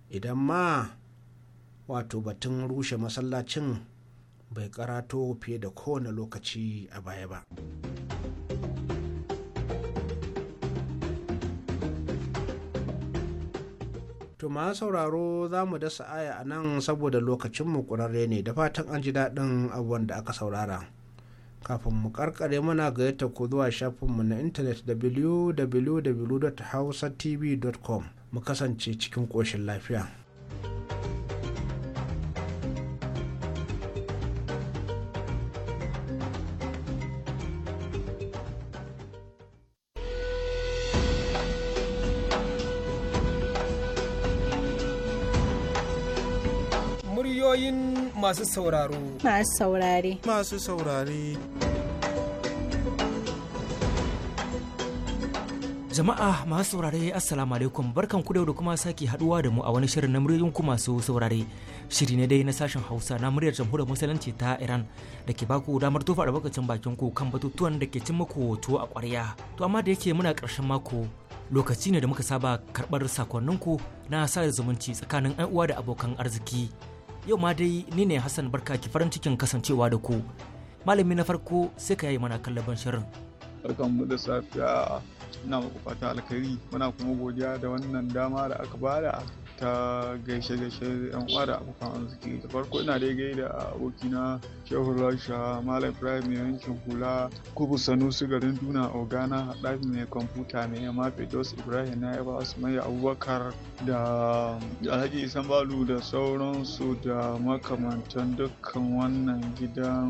idan ma wato batun rushe masallacin bai karato fiye da kowane lokaci a baya ba. Tuma sauraro za mu dasa aya a nan saboda lokacinmu ƙurarre ne da fatan an ji daɗin abubuwan da aka saurara. kafin mu karkare muna gayyata ku zuwa shafinmu na intanet www.hausatv.com mu kasance cikin koshin lafiya. masu sauraro masu saurare masu saurare Jama'a masu saurare Assalamu alaikum barkan ku da kuma sake haduwa da mu a wani shirin na muryoyin ku masu saurare. Shiri ne dai na sashen Hausa na muryar Jamhuriyar Musulunci ta Iran da ke baku damar tofa da bakacin bakin ku kan batutuwan da ke cin muku tuwo a ƙwarya. To amma da yake muna karshen mako lokaci ne da muka saba karɓar sakonninku na sada zumunci tsakanin 'yan uwa da abokan arziki. yau ma dai ni ne Hassan Barka ki farin cikin kasancewa da ku. Malami na farko sai ka yi mana kallaban shirin. Barkan mu da safiya ina muku fata alkhairi muna kuma godiya da wannan dama da aka bada ta gaishe gaishe yan uwa da abokan arziki da farko ina daidai da abokina shehu rasha malam ibrahim mai yankin hula kubu sanusi garin duna ogana haɗafi mai kwamfuta mai yamma fedos ibrahim na yaba abubakar da alhaji isan balu da sauransu da makamantan dukkan wannan gidan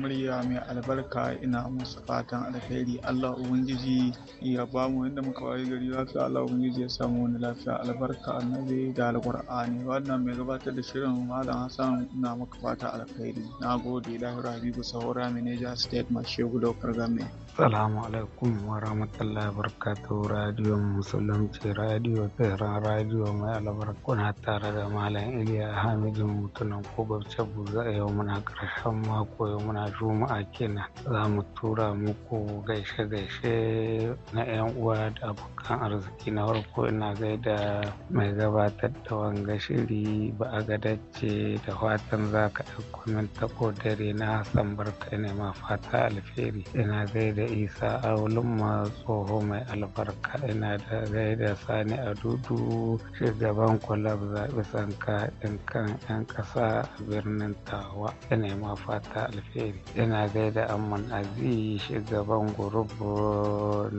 murya mai albarka ina musu fatan alkhairi allah ubangiji ya bamu yadda muka wayi gari lafiya allah ubangiji ya samu wani lafiya albarka annabi da alkur'ani wannan mai gabatar da shirin malam hassan na maka fata alkhairi na gode lahiru habibu sahura manager state mashegu daukar game Assalamu alaikum wa rahmatullahi barkatu radio musulunci radio tsira radio mai albarkuna tare da malam Iliya Hamidu mutunan kobar cebu za a yau muna karshen mako yau muna juma'a kenan za mu tura muku gaishe gaishe na yan uwa da abokan arziki na farko ina gaida mai gabatar da wanga shiri ba a gadace da fatan za ka ɗauko min tako dare na Hassan barka ina ma fata Alferi ina gaida isa aulumma tsoho mai albarka ina da gaida sani a dudu shugaban kulab zaɓi sanka ɗin kan 'yan ƙasa a birnin tawa ina ma fata alheri ina gaida amman aziz shugaban gurubu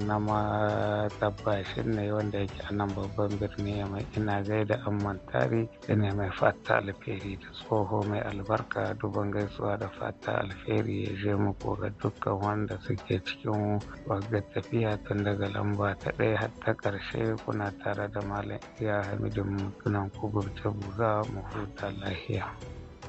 na matabbashin ne wanda yake a nan babban birni mai ina gaida amman tari ina mai fata alheri da tsoho mai albarka duban gaisuwa da fata alheri ya je muku ga dukkan wanda suke ciki cikin wagga tafiya tun daga lamba ta ɗaya har ta ƙarshe kuna tare da malam iya hamidin kubur ta buga mu huta lahiya.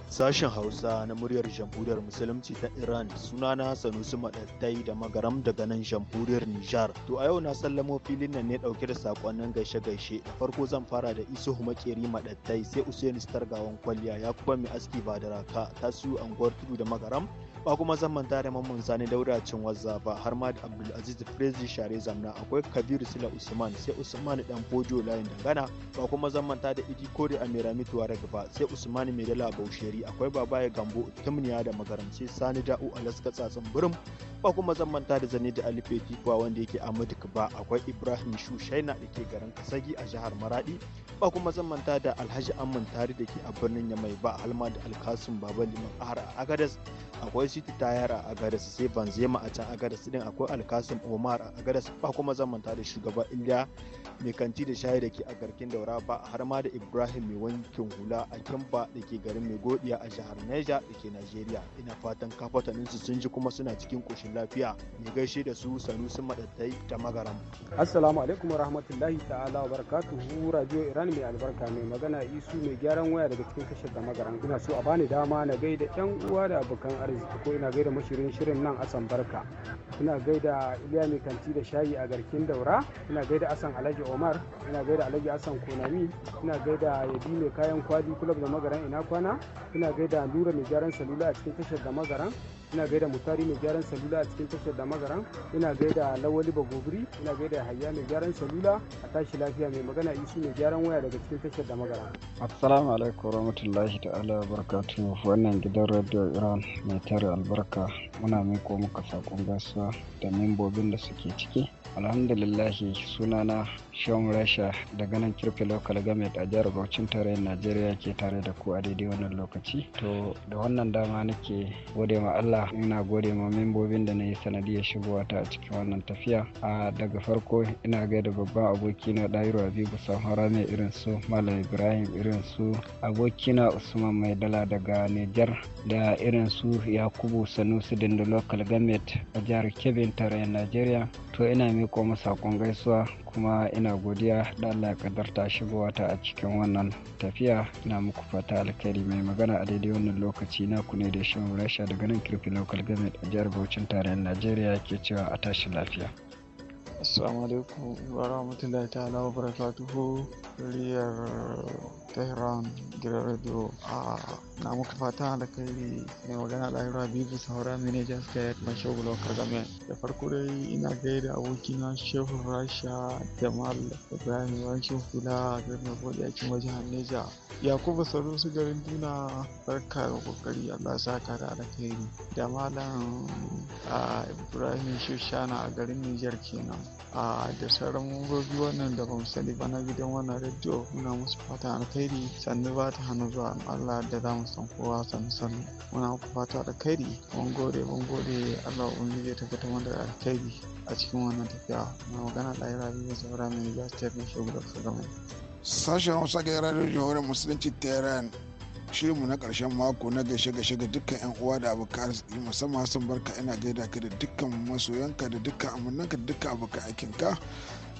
Sashen Hausa na muryar Jamhuriyar Musulunci ta Iran sunana Sanusi maɗattai da Magaram daga nan Jamhuriyar Nijar. To a yau na sallamo filin nan ne ɗauke da sakonnin gaishe-gaishe. Da farko zan fara da iso Makeri maɗattai, sai Usain Stargawan Kwalliya ya kuma mai aski ba da raka ta siyo anguwar tudu da Magaram. ba kuma zan manta da mamman sani daura cin wazza ba har ma da abdulaziz prezi share zamna akwai kabiru sila usman sai usman dan fojo layin dangana ba kuma zan manta da idi kore a merami tuwareg ba sai usman mai dala bausheri akwai babaye gambo tumniya da magaranci sani da'u alaska tsatsin birim ba kuma zan manta da zane da alife wanda yake Amadu ba akwai ibrahim shushaina da ke garin kasagi a jihar maradi ba kuma zan manta da alhaji amman tari da ke a birnin yamai ba halma da alkasun baba liman a agadas akwai ta Tayar a Agadas sai Banzema a can Agadas din akwai Alkasim Omar a Agadas ba kuma zamanta da shugaba Iliya mai kanti da shayi da ke a garkin daura ba har ma da Ibrahim mai wankin hula a Kimba da ke garin mai godiya a jihar Niger da ke nigeria ina fatan kafatanin su sun ji kuma suna cikin koshin lafiya mai gaishe da su Sanusi Madattai ta Magaram Assalamu alaikum rahmatullahi ta'ala barakatuhu Radio Iran mai albarka mai magana Isu mai gyaran waya daga cikin kashe da Magaram ina so a bani dama na gaida yan uwa da abokan arziki ko ina gaida mashirin shirin nan asan barka ina gaida iliya mai kanti da shayi a garkin daura ina gaida asan alhaji omar ina gaida alhaji asan konami ina gaida yabi mai kayan kwali kulab da magaran ina kwana ina gaida lura mai gyaran salula a cikin tashar da magaran ina gaida mutari mai gyaran salula a cikin tashar da magaran ina gaida lawali ba gobiri ina gaida hayya mai gyaran salula a tashi lafiya mai magana isu mai gyaran waya daga cikin tashar da magaran assalamu alaikum warahmatullahi ta'ala barakatuhu wannan gidan radio iran mai tare albarka muna miko muka sakon gaisuwa da membobin da suke ciki alhamdulillahi sunana shon rasha daga nan kirfe lokal gamet a jihar Bauchin tarayyar Najeriya ke tare da ku a daidai wannan lokaci. To da wannan dama nake gode ma Allah ina gode ma membobin da na yi sanadiyar shigowa ta a cikin wannan tafiya. A daga farko ina gaida babban abokina na Dairu Habibu Samhara mai irin su Malam Ibrahim irin su abokina Usman Maidala daga Nijar da irin su Yakubu Sanusi Dindo local gamet a jihar Kebbi tarayyar Najeriya. To ina miko masa sakon gaisuwa kuma ina godiya da Allah ya kaddarta shigowa ta a cikin wannan tafiya na muku fata alkhairi mai magana a daidai wannan lokaci na ku ne da shan rasha daga nan kirfi local government a jihar Bauchin tarayyar Najeriya ke cewa a tashi lafiya. Assalamu alaikum wa rahmatullahi ta'ala wa barakatuhu riyar Tehran gidan radio a na muka fata da kai mai magana lahira biyu saura manajan skyet mashogu Lokar, government da farko dai ina da abokina shehu rasha jamal ibrahim yankin kula da mai gode a cikin wajen hanneja yakubu saro su garin duna barka da kokari allah sa ka da alkhairi da malam ibrahim shushana a garin nijar kenan a da sauran mambobi wannan da bamu sani ba na gidan wannan rediyo muna musu fatan alkhairi sannu ba ta hannu zuwa Allah da za mu san kowa sannu sannu muna muku fata alkhairi mun gode mun gode Allah ubangiji zai tabbatar mana da alkhairi a cikin wannan tafiya na magana da rabi da saura mai gaskiya ne shugaban shugaban sashen hausa ga radio jihohar musulunci tehran mu na karshen mako na gaishe gaishe ga dukkan yan uwa da abokan arziki musamman sun barka ina gaida ka da dukkan masoyanka da dukkan amannanka da dukkan abokan aikinka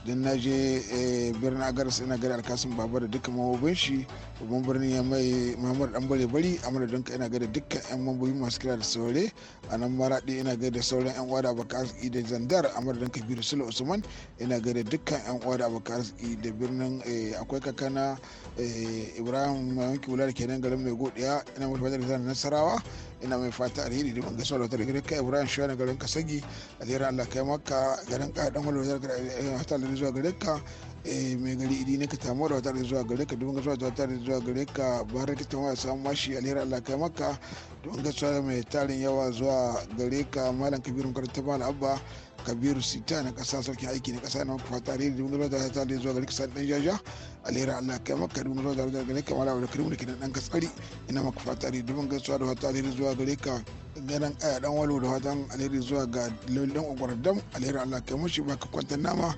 don na je eh, birnin agaris ina gari alkasin baba da dukkan mambobin shi babban birnin ya mai mamar dan bare bari a madadin ka ina gada dukkan yan mambobi masu kira da saurare a nan maraɗi ina gada sauran yan uwa da abokan arziki da zandar a madadin kabiru sula usman ina gada dukkan yan uwa da abokan arziki da birnin eh, akwai kakana eh, ibrahim mayanki wula da kenan garin mai godiya ina mutu da nasarawa ina mai fata alheri da gaisuwa da wata daga kai ibrahim shuwa na garin kasagi alheri allah kai maka garin kai dan wani eh, wata da zuwa gare ka eh, mai gari idi ne ka tamu da wata da zuwa gare ka dubin gaisuwa da wata da zuwa gare ka bayan ka tamu da samun mashi alheri allah kai maka dubin gaisuwa mai tarin yawa zuwa gare ka malam kabiru karanta malam abba kabiru sita na kasa sarkin aiki na kasa na fata tare da mudura da ta da zuwa gari kasa dan jaja alera Allah kai maka da mudura da zuwa gari kamar da kirmu da kidan dan katsari ina maka fata ne dubin gaisuwa da fata da zuwa gari ka ganin aya dan walo da fatan alheri zuwa ga lallan ogwardam alera Allah kai mushi baka kwantar nama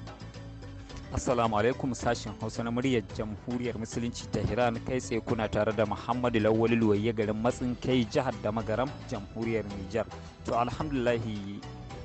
Assalamu alaikum sashen Hausa na muryar Jamhuriyar Musulunci ta hiran kai tsaye kuna tare da Muhammadu Lawali Luwaye garin Matsin kai jihar da Magaram Jamhuriyar Nijar. To alhamdulahi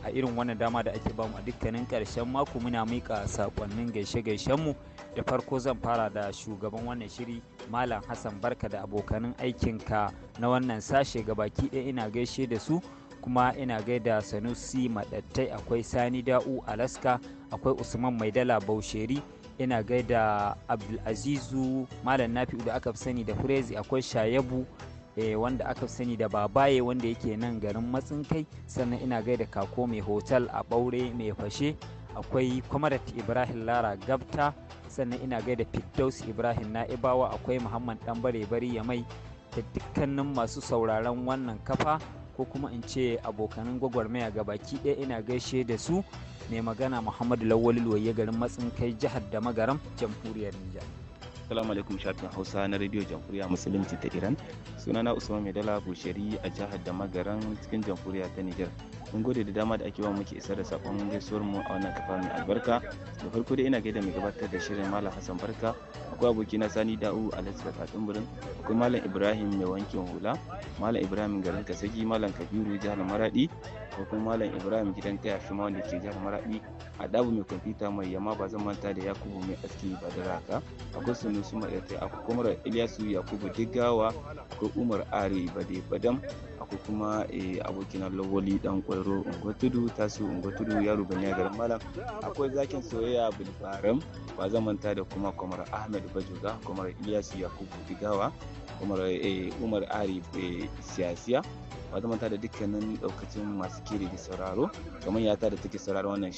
a irin wannan dama da ake bamu a dukkanin karshen mako muna mika sakonnin gaishe-gaishen mu da farko zan fara da shugaban wannan shiri malam hassan barka da abokanin aikinka na wannan sashe ga baki ɗaya ina gaishe da su kuma ina gaida sanusi maɗattai akwai sani da'u alaska akwai usman maidala bausheri ina gaida abdulazizu malam nafi'u da aka fi sani da furezi akwai shayabu Eh, wanda aka sani da babaye wanda yake nan garin matsin kai sannan ina gaida kako mai hotel a ɓaure mai fashe akwai kwamarat ibrahim lara gabta sannan ina gaida firdaus ibrahim na'ibawa akwai muhammad dan bare bari ya mai da dukkanin masu sauraron wannan kafa ko kuma in ce abokanan gwagwarmaya ga baki ɗaya ina gaishe da su mai magana muhammadu lawal ya garin matsin kai jihar da magaram jamhuriyar nijar Assalamu alaikum shafin Hausa na Radio Jamhuriya Musulunci ta Iran. suna Sunana Usman Maidala Bushari a jihar da magaran cikin Jamhuriya ta Nijar. Mun gode da dama da ake ba muke isar da sakon gaisuwar mu a wannan kafa mai albarka. Da farko dai ina gaida mai gabatar da shirin Malam Hassan Barka, akwai abokina Sani Da'u Alhaji Katsun Birin, akwai Malam Ibrahim mai wankin hula, Malam Ibrahim garin Kasagi, Malam Kabiru jihar Maradi, ko kuma malam ibrahim gidan kaya shi ma wanda ke jihar maraɗi a dabu mai kwamfuta mai yamma ba zan manta da yakubu mai aski ba da raka akwai sunusu mai akwai kuma ilyasu yakubu diggawa akwai umar ari bade badam akwai kuma eh, abokina lawali dan kwaro ungwatudu tasu ungwatudu yaro bane garin malam akwai zakin soyayya bulbaram ba zan manta da kuma kwamar ahmed bajoga kwamar ilyasu yakubu digawa kwamar eh, umar ari eh, siyasiya ba zan manta da dukkanin daukacin masu kiri da sauraro kamar yata da take sauraro wannan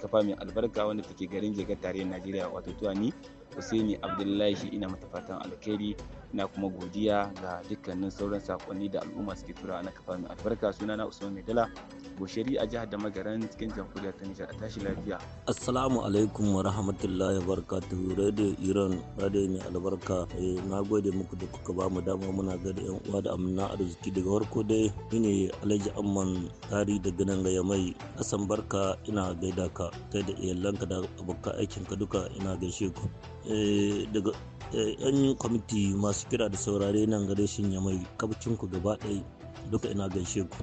kafa mai albarka wanda take garin jigar tarayyar najeriya wato tuwani Hussaini Abdullahi ina mata fatan alkhairi ina kuma godiya ga dukkanin sauran sakonni da al'umma suke tura na kafa mai albarka suna na usman maidala bushari a jihar damagaran cikin jamhuriyar ta nijar a tashi lafiya assalamu alaikum wa rahmatullahi wa barakatuhu radio iran radio mai albarka eh, na gode muku da kuka ba mu dama muna da yan uwa da amina arziki daga warko dai ne alhaji amman tari da nan gaya mai asan barka ina gaida ka kai da iyalanka da abokan aikinka duka ina gaishe ku eh, daga eh, yan kwamiti masu masu kira da saurare nan gare shi ya mai kabcin ku gaba ɗaya duka ina gaishe ku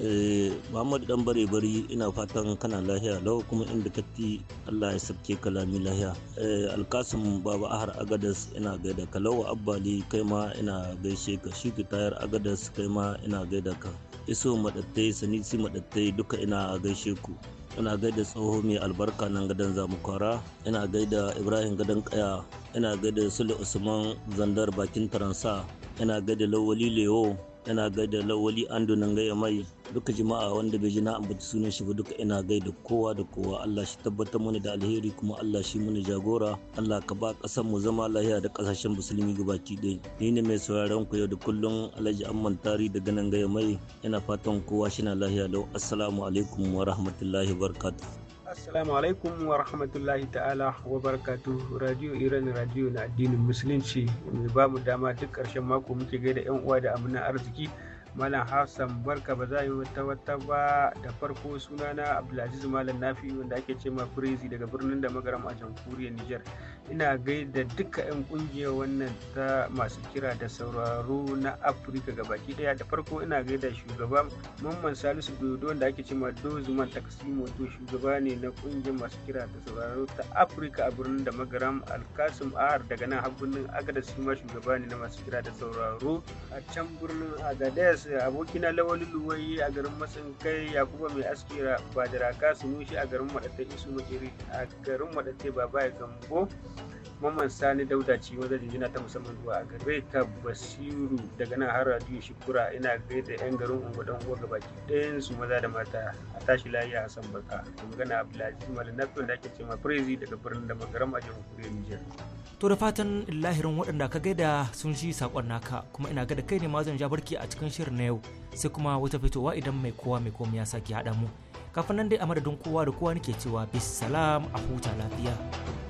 eh, muhammadu dan bare bari ina fatan kana lahiya lau kuma inda kati allah ya sabke kalami lahiya eh, alkasim baba ahar agadas ina gaida ka lawa abbali kai ma ina gaishe ka shi tayar agadas kai ma ina gaida ka iso madattai sanisi madattai duka ina gaishe ku ina gaida tsoho mai albarka nan gadon zamukwara ina gaida ibrahim gadon kaya ina gaida sule usman zandar bakin taransa ina gaida lawali lewo yana da lawali ando nan gaya mai duka jama'a wanda bai ji na ambaci sunan shi ba duka ina gai da kowa da kowa Allah shi tabbatar mana da alheri kuma Allah shi mana jagora Allah ka ba ƙasar mu zama lahiya da ƙasashen musulmi gabaki ɗaya ni ne mai sauraron ku yau da kullum Alhaji Amman Tari daga nan gaya mai yana fatan kowa shi na lahiya lau assalamu alaikum wa rahmatullahi wa barakatuh Assalamu alaikum wa rahmatullahi ta'ala wa barakatu Radio Iran Radio na addinin Musulunci mai ba mu dama duk ƙarshen mako muke gaida 'yan uwa da amina arziki Malam Hassan barka ba za yi wata wata ba da farko sunana Abdulaziz Malam Nafi wanda ake ce ma Prezi daga birnin da magaram a jamhuriyar Nijar. Ina gaida duka 'yan kungiyar wannan ta masu kira da sauraro na Afirka gabaki daya da farko ina gaida shugaba Mamman Salisu Dodo wanda ake ce ma Dozuman Takasimo to shugaba ne na kungiyar masu kira da sauraro ta Afirka a birnin da magaram Alkasim Ahar daga nan har birnin Agadez shi ma shugaba ne na masu kira da sauraro a can birnin Agadez Eh, abokina lawali luwayi a garin matsin kai yakuba mai askira ba da raka su nushi a garin madatai isu a garin madatai baba gambo Mamman Sani Dauda ce wata jinjina ta musamman zuwa a gare ka Basiru daga nan har Radio Shukura ina gaida 'yan garin unguwa dan uwa gabaki ɗayan su maza da mata a tashi layi a Hassan Barka. Magana Abdulaziz da ake ce ma Prezi daga birnin da magaram a jamhuriyar Nijar. To da fatan lahirin waɗanda ka gaida sun ji saƙon naka kuma ina ga da kai ne ma zan ja barki a cikin shirin na yau sai kuma wata fitowa idan mai kowa mai komai ya sake haɗa mu. Kafin nan dai a madadin kowa da kowa nake cewa bis a huta lafiya.